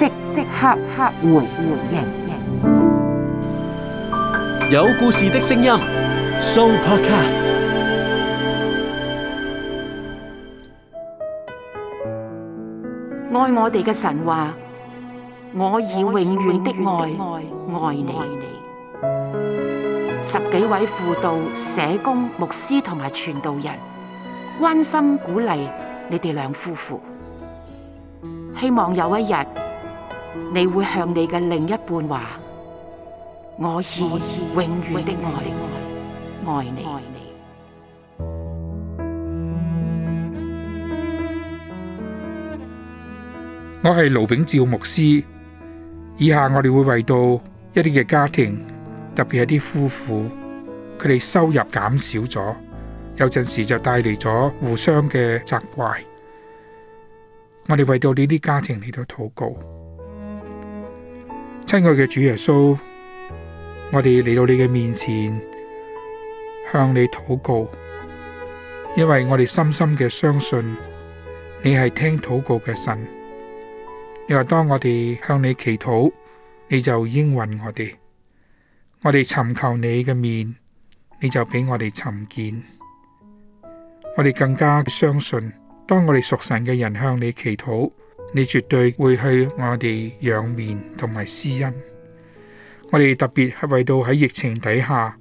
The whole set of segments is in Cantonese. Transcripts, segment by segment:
即即刻刻回回應應，有故事的聲音，So Podcast，愛我哋嘅神話，我以永遠的愛愛你。十幾位輔導、社工、牧師同埋傳道人，關心鼓勵你哋兩夫婦，希望有一日。你會向你嘅另一半話：我願意永遠的愛愛你。我係盧炳照牧師，以下我哋會為到一啲嘅家庭，特別係啲夫婦，佢哋收入減少咗，有陣時就帶嚟咗互相嘅責怪。我哋為到呢啲家庭嚟到禱告。親愛嘅主耶穌，我哋嚟到你嘅面前，向你禱告，因為我哋深深嘅相信，你係聽禱告嘅神。你話當我哋向你祈禱，你就應允我哋；我哋尋求你嘅面，你就俾我哋尋見。我哋更加相信，當我哋屬神嘅人向你祈禱。你絕對會去我哋養面同埋私恩。我哋特別係為到喺疫情底下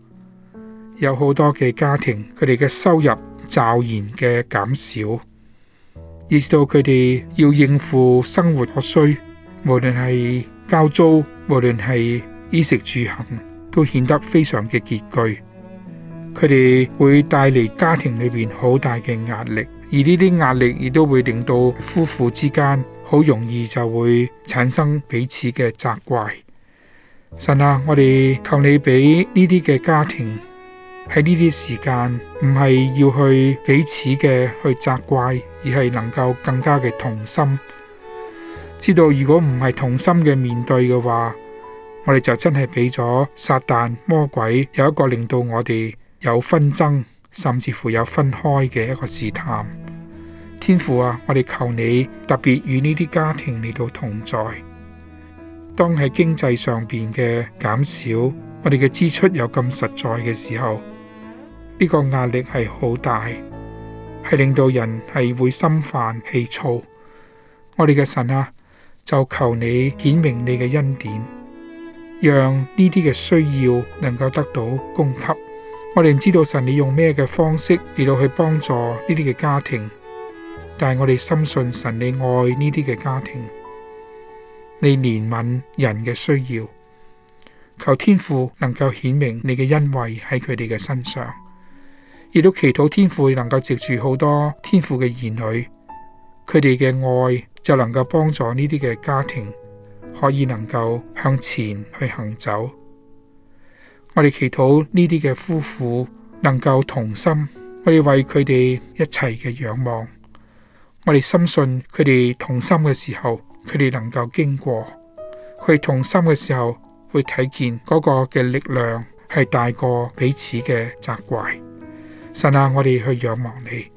有好多嘅家庭，佢哋嘅收入驟然嘅減少，意識到佢哋要應付生活所需，無論係交租，無論係衣食住行，都顯得非常嘅拮據。佢哋會帶嚟家庭裏邊好大嘅壓力，而呢啲壓力亦都會令到夫婦之間，好容易就會產生彼此嘅責怪。神啊，我哋求你俾呢啲嘅家庭喺呢啲時間，唔係要去彼此嘅去責怪，而係能夠更加嘅同心。知道如果唔係同心嘅面對嘅話，我哋就真係俾咗撒但魔鬼有一個令到我哋有紛爭，甚至乎有分開嘅一個試探。天父啊，我哋求你特別與呢啲家庭嚟到同在。當係經濟上邊嘅減少，我哋嘅支出有咁實在嘅時候，呢個壓力係好大，係令到人係會心煩氣躁。我哋嘅神啊，就求你顯明你嘅恩典，讓呢啲嘅需要能夠得到供給。我哋唔知道神你用咩嘅方式嚟到去幫助呢啲嘅家庭。但係我哋深信神，你愛呢啲嘅家庭，你憐憫人嘅需要，求天父能夠顯明你嘅恩惠喺佢哋嘅身上，亦都祈禱天父能夠藉住好多天父嘅兒女，佢哋嘅愛就能夠幫助呢啲嘅家庭可以能夠向前去行走。我哋祈禱呢啲嘅夫婦能夠同心，我哋為佢哋一切嘅仰望。我哋深信佢哋同心嘅時候，佢哋能夠經過佢哋同心嘅時候，會睇見嗰個嘅力量係大過彼此嘅責怪。神啊，我哋去仰望你。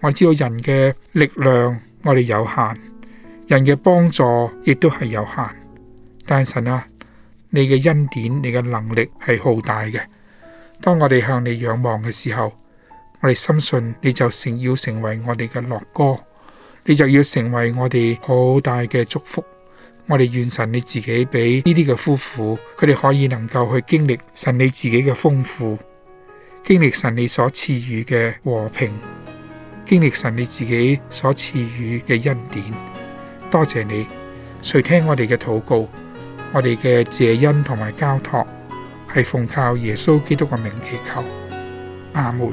我知道人嘅力量我哋有限，人嘅幫助亦都係有限。但係神啊，你嘅恩典、你嘅能力係好大嘅。當我哋向你仰望嘅時候，我哋深信你就成要成為我哋嘅樂歌。你就要成為我哋好大嘅祝福，我哋願神你自己俾呢啲嘅夫婦，佢哋可以能夠去經歷神你自己嘅豐富，經歷神你所賜予嘅和平，經歷神你自己所賜予嘅恩典。多謝你，垂聽我哋嘅禱告，我哋嘅謝恩同埋交託，係奉靠耶穌基督嘅名祈求，阿門。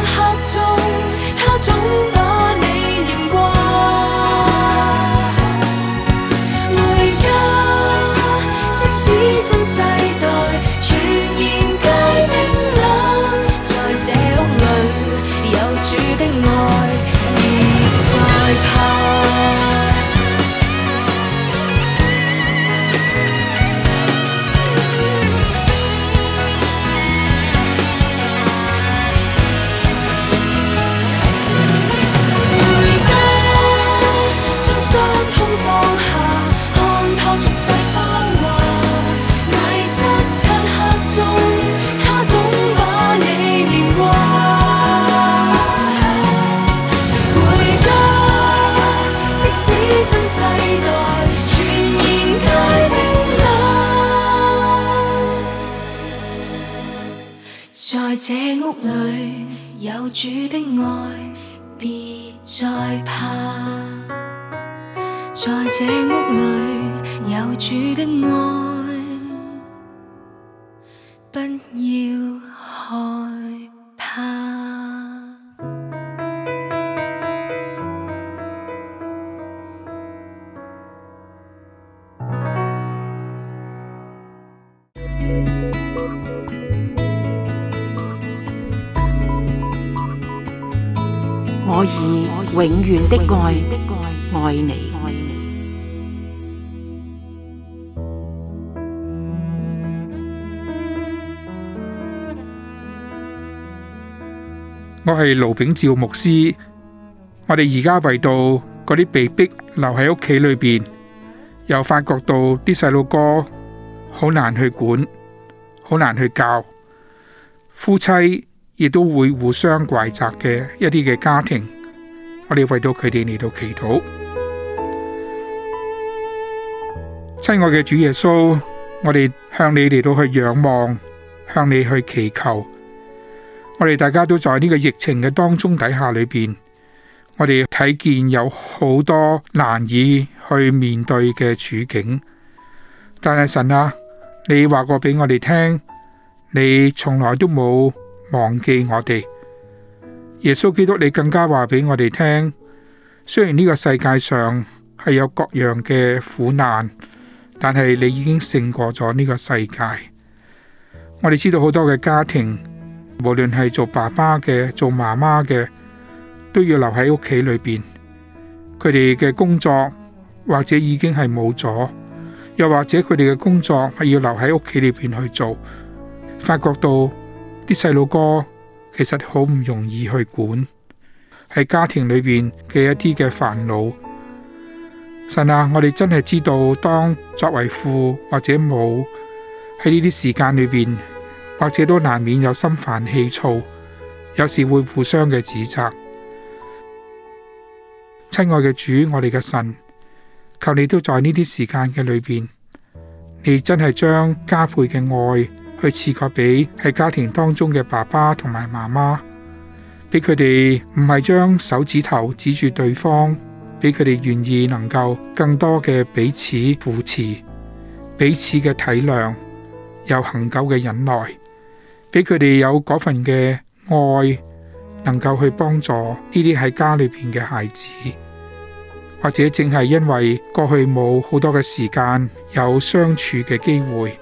這屋裏有主的愛，別再怕。在這屋裏有主的愛，不要害怕。永遠的愛，愛你。我係盧炳照牧師。我哋而家為到嗰啲被逼留喺屋企裏邊，又發覺到啲細路哥好難去管，好難去教，夫妻亦都會互相怪責嘅一啲嘅家庭。我哋為到佢哋嚟到祈禱，親愛嘅主耶穌，我哋向你嚟到去仰望，向你去祈求。我哋大家都在呢個疫情嘅當中底下裏邊，我哋睇見有好多難以去面對嘅處境。但係神啊，你話過俾我哋聽，你從來都冇忘記我哋。耶穌基督，你更加話俾我哋聽，雖然呢個世界上係有各樣嘅苦難，但係你已經勝過咗呢個世界。我哋知道好多嘅家庭，無論係做爸爸嘅、做媽媽嘅，都要留喺屋企裏邊。佢哋嘅工作或者已經係冇咗，又或者佢哋嘅工作係要留喺屋企裏邊去做，發覺到啲細路哥。其實好唔容易去管，係家庭裏邊嘅一啲嘅煩惱，神啊，我哋真係知道，當作為父或者母喺呢啲時間裏邊，或者都難免有心煩氣躁，有時會互相嘅指責。親愛嘅主，我哋嘅神，求你都在呢啲時間嘅裏邊，你真係將加倍嘅愛。去賜佢哋喺家庭當中嘅爸爸同埋媽媽，俾佢哋唔係將手指頭指住對方，俾佢哋願意能夠更多嘅彼此扶持、彼此嘅體諒，有恆久嘅忍耐，俾佢哋有嗰份嘅愛，能夠去幫助呢啲喺家裏邊嘅孩子，或者淨係因為過去冇好多嘅時間有相處嘅機會。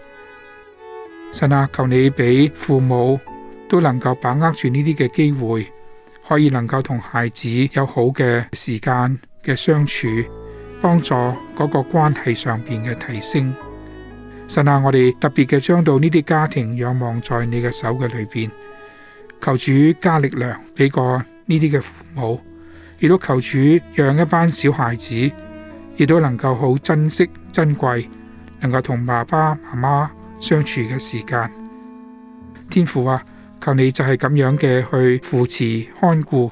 神啊，求你俾父母都能夠把握住呢啲嘅機會，可以能夠同孩子有好嘅時間嘅相處，幫助嗰個關係上邊嘅提升。神啊，我哋特別嘅將到呢啲家庭仰望在你嘅手嘅裏邊，求主加力量俾過呢啲嘅父母，亦都求主讓一班小孩子亦都能夠好珍惜、珍貴，能夠同爸爸媽媽。相處嘅時間，天父啊，求你就係咁樣嘅去扶持、看顧、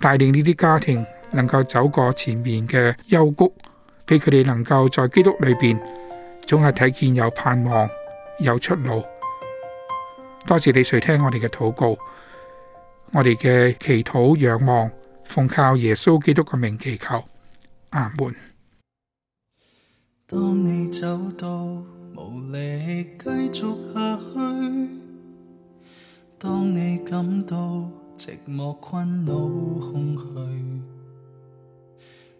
帶領呢啲家庭，能夠走過前面嘅幽谷，俾佢哋能夠在基督裏邊，總係睇見有盼望、有出路。多謝你垂聽我哋嘅禱告，我哋嘅祈禱、仰望，奉靠耶穌基督嘅名祈求，阿門。當你走到無力繼續下去，當你感到寂寞、困惱、空虛，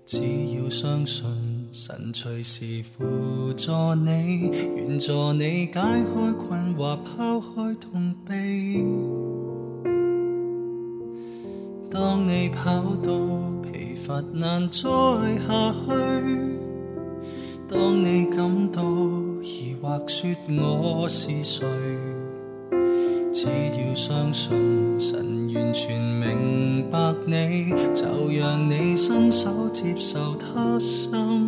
只要相信神隨時扶助你，願助你解開困惑、拋開痛悲。當你跑到疲乏難再下去。當你感到疑惑，說我是誰，只要相信神完全明白你，就讓你伸手接受他心。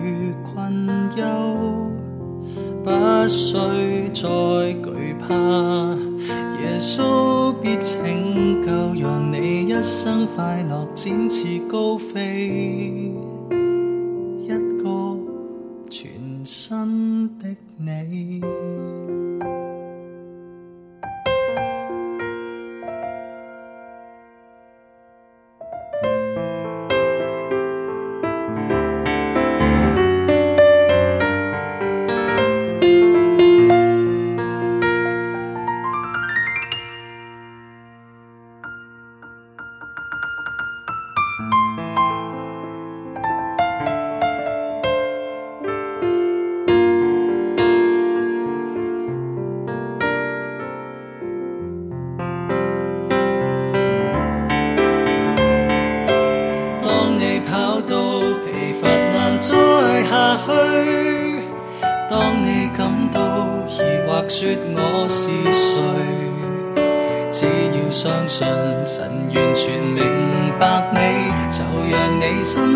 憂，不需再懼怕。耶穌必拯救，讓你一生快樂展翅高飛，一個全新的你。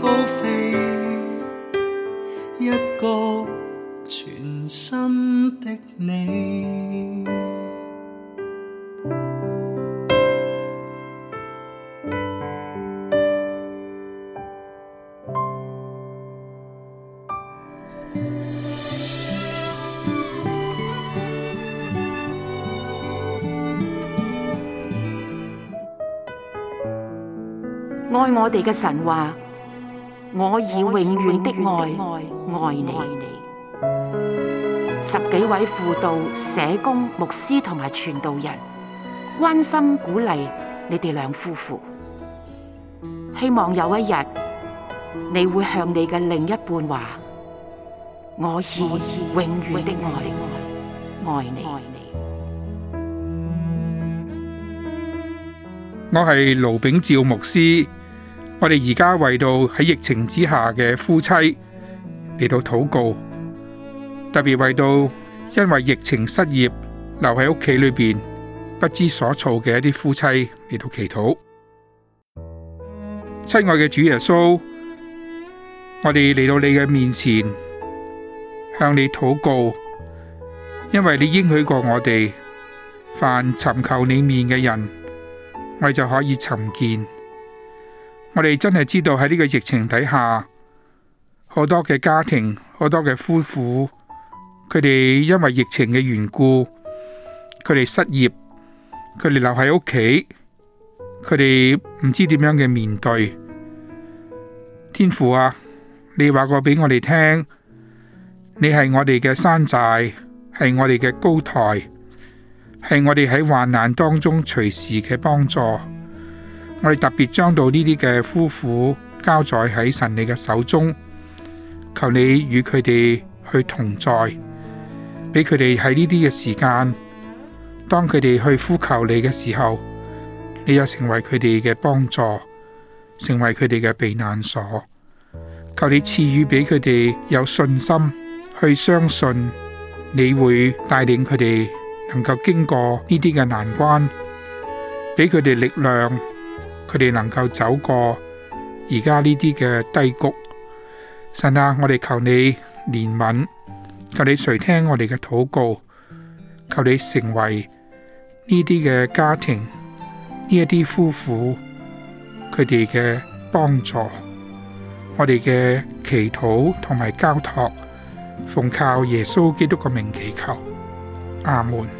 高飛，一個全新的你。愛我哋嘅神話。我以永遠的愛愛你。十幾位輔導、社工、牧師同埋傳道人，關心鼓勵你哋兩夫婦，希望有一日你會向你嘅另一半話：我以永遠的愛愛你。我係盧炳照牧師。我哋而家為到喺疫情之下嘅夫妻嚟到禱告，特別為到因為疫情失業留喺屋企裏邊不知所措嘅一啲夫妻嚟到祈禱。親愛嘅主耶穌，我哋嚟到你嘅面前，向你禱告，因為你應許過我哋，凡尋求你面嘅人，我哋就可以尋見。我哋真係知道喺呢個疫情底下，好多嘅家庭，好多嘅夫婦，佢哋因為疫情嘅緣故，佢哋失業，佢哋留喺屋企，佢哋唔知點樣嘅面對。天父啊，你話過俾我哋聽，你係我哋嘅山寨，係我哋嘅高台，係我哋喺患難當中隨時嘅幫助。我哋特別將到呢啲嘅夫婦交在喺神你嘅手中，求你與佢哋去同在，俾佢哋喺呢啲嘅時間，當佢哋去呼求你嘅時候，你就成為佢哋嘅幫助，成為佢哋嘅避難所。求你賜予俾佢哋有信心去相信，你會帶領佢哋能夠經過呢啲嘅難關，俾佢哋力量。佢哋能夠走過而家呢啲嘅低谷，神啊，我哋求你憐憫，求你垂聽我哋嘅禱告，求你成為呢啲嘅家庭，呢一啲夫婦佢哋嘅幫助，我哋嘅祈禱同埋交託，奉靠耶穌基督個名祈求，阿門。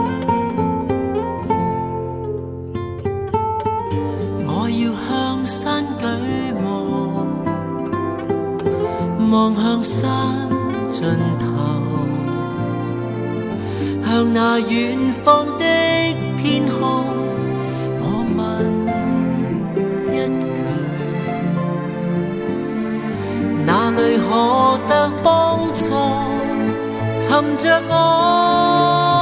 望向山盡頭，向那遠方的天空，我問一句，哪裏可得幫助尋着我？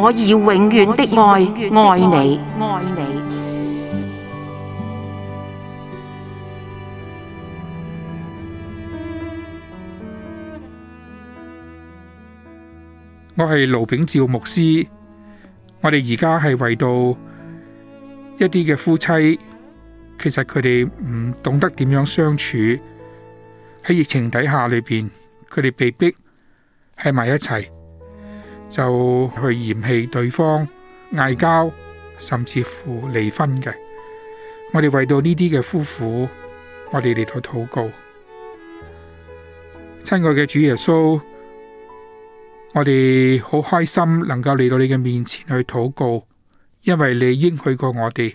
我以永遠的愛愛你。我係盧炳照牧師，我哋而家係為到一啲嘅夫妻，其實佢哋唔懂得點樣相處。喺疫情底下裏邊，佢哋被逼喺埋一齊。就去嫌棄對方，嗌交，甚至乎離婚嘅。我哋為到呢啲嘅夫婦，我哋嚟到禱告。親愛嘅主耶穌，我哋好開心能夠嚟到你嘅面前去禱告，因為你應許過我哋，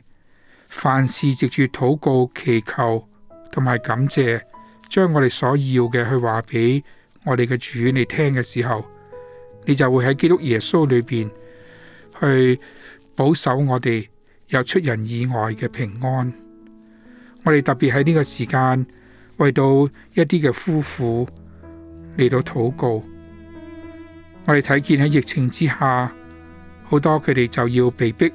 凡事藉住禱告、祈求同埋感謝，將我哋所要嘅去話俾我哋嘅主你聽嘅時候。你就會喺基督耶穌裏邊去保守我哋，有出人意外嘅平安。我哋特別喺呢個時間為到一啲嘅夫婦嚟到禱告。我哋睇見喺疫情之下，好多佢哋就要被逼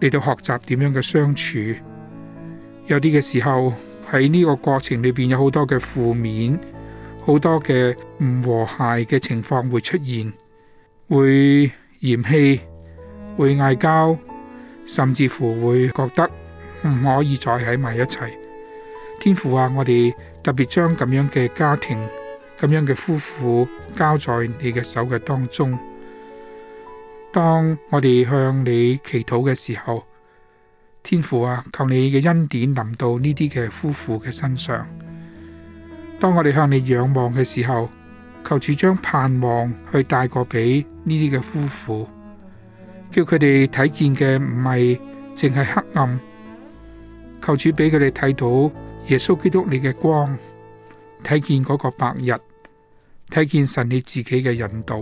嚟到學習點樣嘅相處。有啲嘅時候喺呢個過程裏邊有好多嘅負面。好多嘅唔和諧嘅情況會出現，會嫌棄，會嗌交，甚至乎會覺得唔可以再喺埋一齊。天父啊，我哋特別將咁樣嘅家庭、咁樣嘅夫婦交在你嘅手嘅當中。當我哋向你祈禱嘅時候，天父啊，求你嘅恩典臨到呢啲嘅夫婦嘅身上。當我哋向你仰望嘅時候，求主將盼望去帶過俾呢啲嘅夫婦，叫佢哋睇見嘅唔係淨係黑暗，求主俾佢哋睇到耶穌基督你嘅光，睇見嗰個白日，睇見神你自己嘅引導，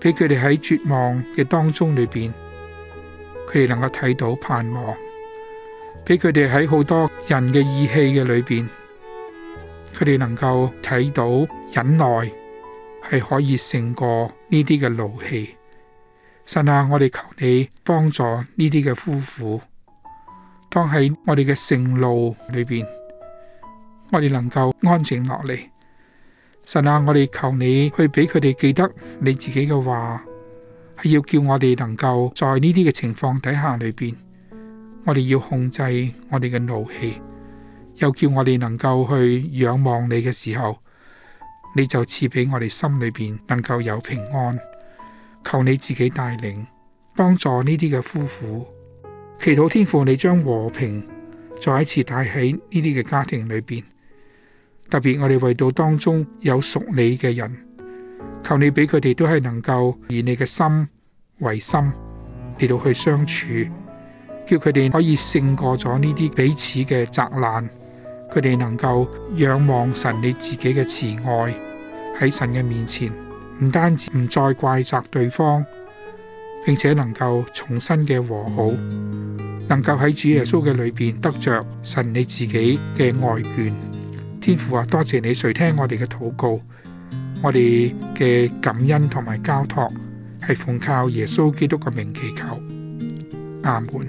俾佢哋喺絕望嘅當中裏邊，佢哋能夠睇到盼望，俾佢哋喺好多人嘅意氣嘅裏邊。佢哋能夠睇到忍耐係可以勝過呢啲嘅怒氣，神啊，我哋求你幫助呢啲嘅夫婦，當喺我哋嘅盛怒裏邊，我哋能夠安靜落嚟。神啊，我哋求你去俾佢哋記得你自己嘅話，係要叫我哋能夠在呢啲嘅情況底下裏邊，我哋要控制我哋嘅怒氣。又叫我哋能夠去仰望你嘅時候，你就賜俾我哋心裏邊能夠有平安。求你自己帶領幫助呢啲嘅夫婦，祈禱天父你將和平再一次帶喺呢啲嘅家庭裏邊。特別我哋為到當中有屬你嘅人，求你俾佢哋都係能夠以你嘅心為心嚟到去相處，叫佢哋可以勝過咗呢啲彼此嘅責難。佢哋能夠仰望神你自己嘅慈愛喺神嘅面前，唔單止唔再怪責對方，並且能夠重新嘅和好，能夠喺主耶穌嘅裏邊得着神你自己嘅愛眷。嗯。天父啊，多謝你垂聽我哋嘅禱告，我哋嘅感恩同埋交托係奉靠耶穌基督嘅名祈求，阿門。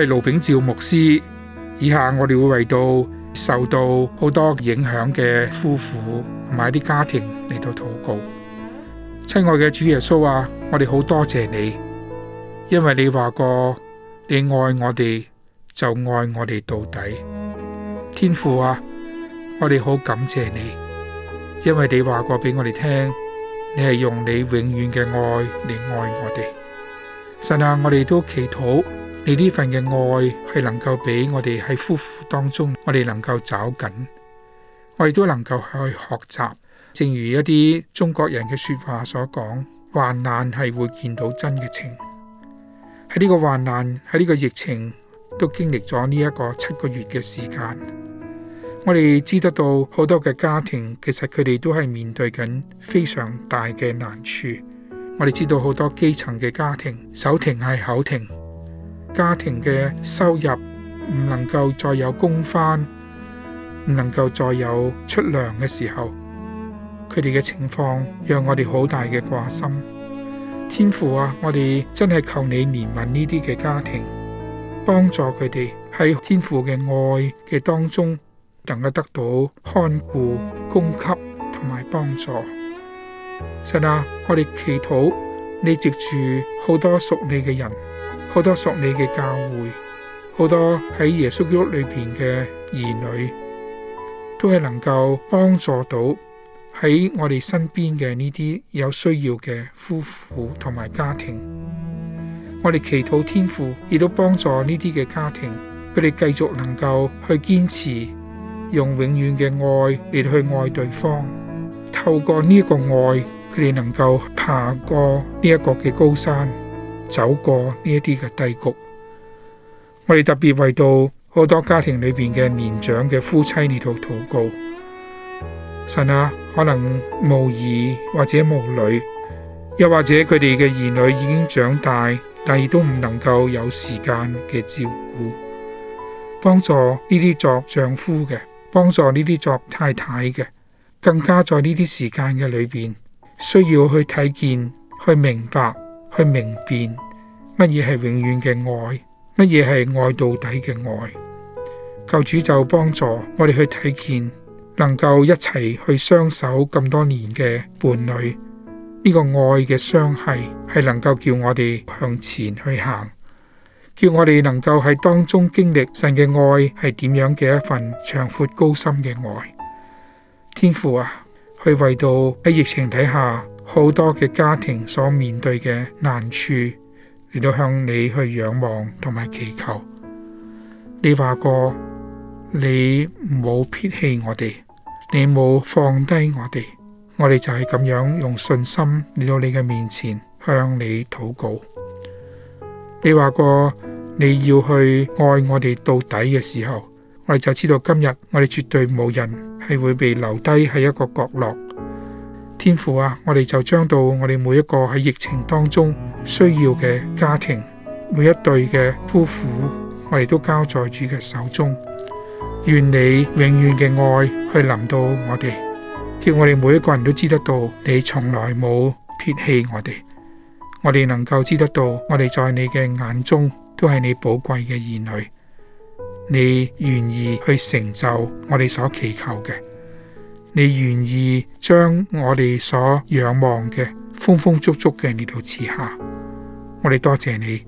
係盧炳照牧師，以下我哋會為到受到好多影響嘅夫婦同埋啲家庭嚟到禱告。親愛嘅主耶穌啊，我哋好多謝你，因為你話過你愛我哋就愛我哋到底。天父啊，我哋好感謝你，因為你話過俾我哋聽，你係用你永遠嘅愛嚟愛我哋。神啊，我哋都祈禱。你呢份嘅愛係能夠俾我哋喺夫婦當中，我哋能夠找緊，我亦都能夠去學習。正如一啲中國人嘅說話所講，患難係會見到真嘅情。喺呢個患難，喺呢個疫情，都經歷咗呢一個七個月嘅時間，我哋知得到好多嘅家庭其實佢哋都係面對緊非常大嘅難處。我哋知道好多基層嘅家庭，手停係口停。家庭嘅收入唔能夠再有供翻，唔能夠再有出糧嘅時候，佢哋嘅情況讓我哋好大嘅掛心。天父啊，我哋真係求你憐憫呢啲嘅家庭，幫助佢哋喺天父嘅愛嘅當中，能夠得到看顧、供給同埋幫助。神啊，我哋祈禱你藉住好多屬你嘅人。好多屬你嘅教會，好多喺耶穌屋裏邊嘅兒女，都係能夠幫助到喺我哋身邊嘅呢啲有需要嘅夫婦同埋家庭。我哋祈禱天父亦都幫助呢啲嘅家庭，佢哋繼續能夠去堅持，用永遠嘅愛嚟去愛對方。透過呢個愛，佢哋能夠爬過呢一個嘅高山。走過呢一啲嘅低谷，我哋特別為到好多家庭裏邊嘅年長嘅夫妻呢度禱告。神啊，可能無兒或者無女，又或者佢哋嘅兒女已經長大，但亦都唔能夠有時間嘅照顧，幫助呢啲作丈夫嘅，幫助呢啲作太太嘅，更加在呢啲時間嘅裏邊，需要去睇見，去明白。去明辨乜嘢係永遠嘅愛，乜嘢係愛到底嘅愛。求主就幫助我哋去睇見，能夠一齊去相守咁多年嘅伴侶，呢個愛嘅傷係係能夠叫我哋向前去行，叫我哋能夠喺當中經歷神嘅愛係點樣嘅一份長闊高深嘅愛。天父啊，去為到喺疫情底下。好多嘅家庭所面對嘅難處，嚟到向你去仰望同埋祈求。你話過，你冇撇棄我哋，你冇放低我哋，我哋就係咁樣用信心嚟到你嘅面前向你禱告。你話過你要去愛我哋到底嘅時候，我哋就知道今日我哋絕對冇人係會被留低喺一個角落。天父啊，我哋就將到我哋每一個喺疫情當中需要嘅家庭，每一對嘅夫婦，我哋都交在主嘅手中。願你永遠嘅愛去臨到我哋，叫我哋每一個人都知得到你從來冇撇棄我哋。我哋能夠知得到，我哋在你嘅眼中都係你寶貴嘅兒女。你願意去成就我哋所祈求嘅。你願意將我哋所仰望嘅，豐豐足足嘅呢度賜下。我哋多謝你，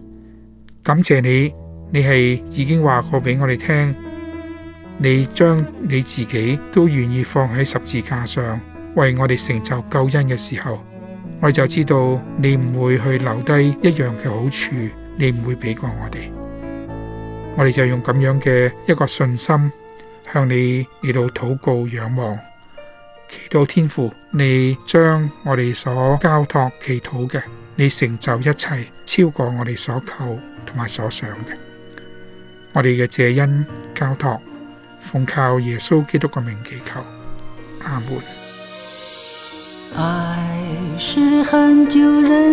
感謝你。你係已經話過畀我哋聽，你將你自己都願意放喺十字架上，為我哋成就救恩嘅時候，我就知道你唔會去留低一樣嘅好處，你唔會俾過我哋。我哋就用咁樣嘅一個信心，向你嚟到禱告仰望。祈禱天父，你將我哋所交託祈禱嘅，你成就一切，超過我哋所求同埋所想嘅。我哋嘅謝恩交託，奉靠耶穌基督嘅名祈求，阿門。愛是恆久忍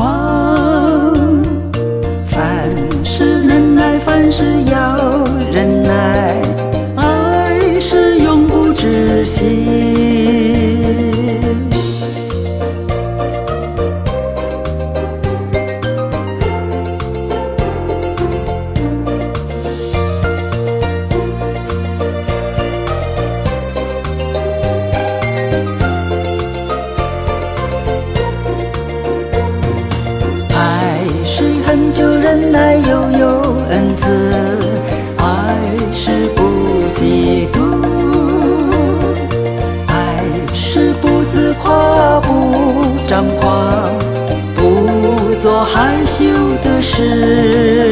做害羞的事。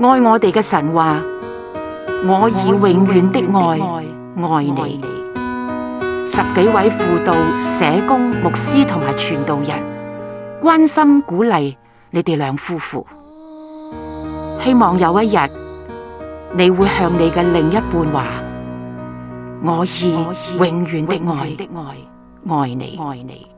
愛我哋嘅神話，我以永遠的愛愛你。十幾位輔導、社工、牧師同埋傳道人，關心鼓勵你哋兩夫婦。希望有一日，你會向你嘅另一半話：我以永遠的愛愛你。